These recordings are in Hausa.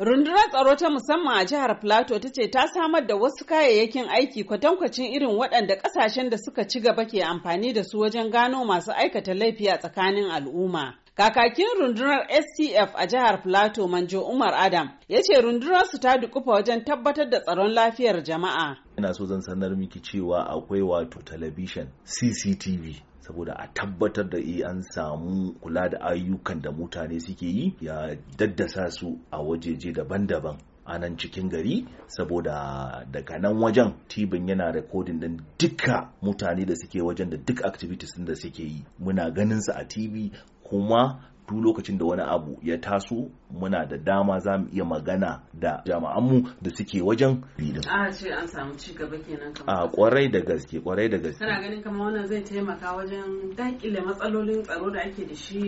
Rundunar tsaro ta musamman a jihar Plateau ta ce ta samar da wasu kayayyakin aiki kwatankwacin irin waɗanda ƙasashen da suka ci gaba ke amfani da su wajen gano masu aikata laifi a tsakanin al'umma. Kakakin rundunar STF a jihar Plateau Manjo Umar Adam ya ce rundunar su ta dukufa wajen tabbatar da tsaron lafiyar jama'a. Ina so zan sanar miki cewa akwai wato talabishin CCTV saboda a tabbatar da eh, an samu kula da ayyukan da mutane suke yi ya daddasa su a wajeje daban-daban a nan cikin gari saboda daga nan wajen tibin yana rekodin din duka mutane da suke wajen da duk activities da suke yi muna ganin su a tv kuma du lokacin da wani abu ya taso muna da dama za mu iya magana da jama'anmu da suke wajen lidin. A ce an samu ci gaba kenan kamar. A kwarai da gaske kwarai da gaske. Kana ganin kamar wannan zai taimaka wajen dakile matsalolin tsaro da ake da shi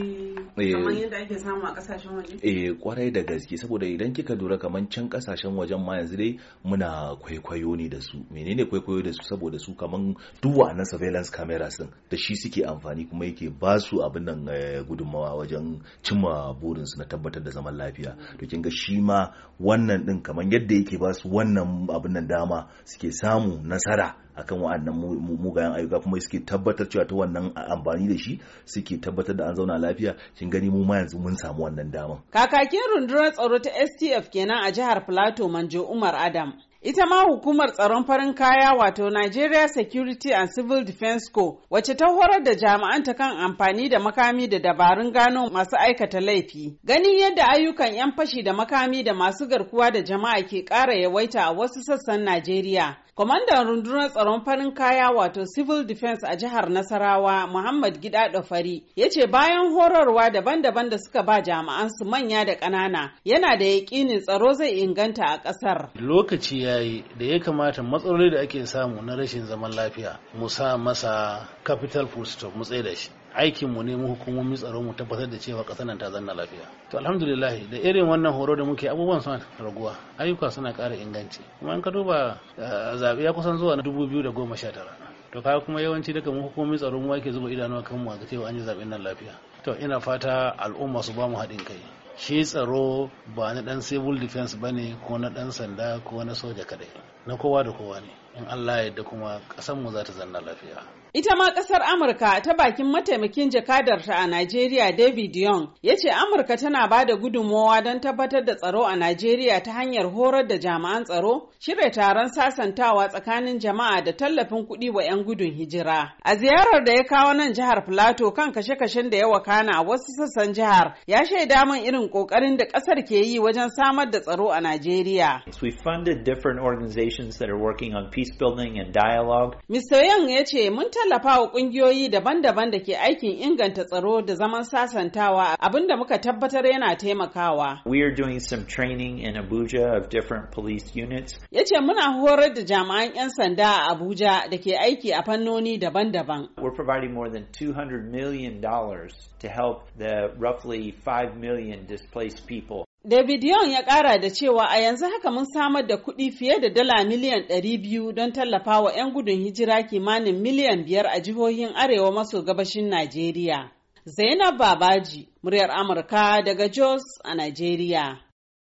eh. kamar yadda ake samu a kasashen waje. Eh kwarai da gaske saboda idan kika lura kamar can kasashen wajen ma yanzu dai muna kwaikwayo ne da su menene kwaikwayo da su saboda su kamar duwa na surveillance cameras din da shi suke amfani kuma yake ba su abin nan eh, gudunmawa wajen domin cimma burinsu na tabbatar da zaman lafiya to kin ga shi ma wannan din kamar yadda yake ba su wannan abin nan dama suke samu nasara akan wa'annan mugayen ayyuka kuma suke tabbatar cewa ta wannan amfani da shi suke tabbatar da an zauna lafiya kin gani mu ma yanzu mun samu wannan daman kakakin rundunar tsaro ta STF kenan a jihar Plateau Manjo Umar Adam Ita ma hukumar tsaron farin kaya wato Nigeria Security and Civil Defense Co wacce ta horar da ta kan amfani da makami da dabarun gano masu aikata laifi. Ganin yadda ayyukan 'yan fashi da makami da masu garkuwa da jama'a ke ƙara yawaita a wasu sassan Najeriya. Kwamandan rundunar tsaron farin kaya wato Civil Defense a jihar Nasarawa Muhammad Gida Dafari ya ce bayan horarwa daban-daban da suka ba su manya da ƙanana yana da yaƙinin tsaro zai inganta a ƙasar. Lokaci ya yayi da ya kamata matsaloli da ake samu na rashin zaman lafiya mu sa masa capital full stop mu tsaye da shi aikin mu ne mu hukumomin tsaro mu tabbatar da cewa kasar nan ta zanna lafiya to alhamdulillah da irin wannan horo da muke abubuwan suna raguwa ayyuka suna ƙara inganci kuma in ka duba eh, zaɓe ya kusan zuwa na tara to kaga kuma yawanci daga mu hukumomin tsaro mu ake zuba idanu kan mu ga cewa an yi zaɓen nan lafiya to ina fata al'umma su ba mu haɗin kai shi tsaro ba na dan civil defense ba ne ko na dan sanda ko na soja kadai na kowa da kowa ne in Allah ya da kuma mu za ta zanna lafiya. Ita ma ƙasar Amurka ta bakin mataimakin jakadarta a Najeriya David Young ya ce Amurka tana ba da gudunmowa don tabbatar da tsaro a Najeriya ta hanyar horar da jami'an tsaro, shirya taron sasantawa tsakanin jama'a da tallafin kuɗi wa 'yan gudun hijira. A ziyarar da ya kawo nan jihar Filato kan kashe-kashen da ya wakana a wasu sassan jihar ya shaida min irin ƙoƙarin da ƙasar ke yi wajen samar da tsaro a Najeriya. We funded different working on peace building and dialogue. Mr. yang ya ce mun tallafa wa kungiyoyi daban-daban da ke aikin inganta tsaro da zaman sasantawa abinda muka tabbatar yana taimakawa. We are doing some training in Abuja of different police units. Ya ce muna horar da jami'an 'yan sanda a Abuja da ke aiki a fannoni daban-daban. We're providing more than 200 million dollars to help the roughly 5 million displaced people. David Young ya ƙara da cewa a yanzu haka mun samar da kuɗi fiye da dala miliyan 200 don tallafa wa 'yan gudun hijira kimanin miliyan biyar a jihohin arewa maso gabashin Najeriya. Zainab Babaji, muryar Amurka daga Jos a Najeriya.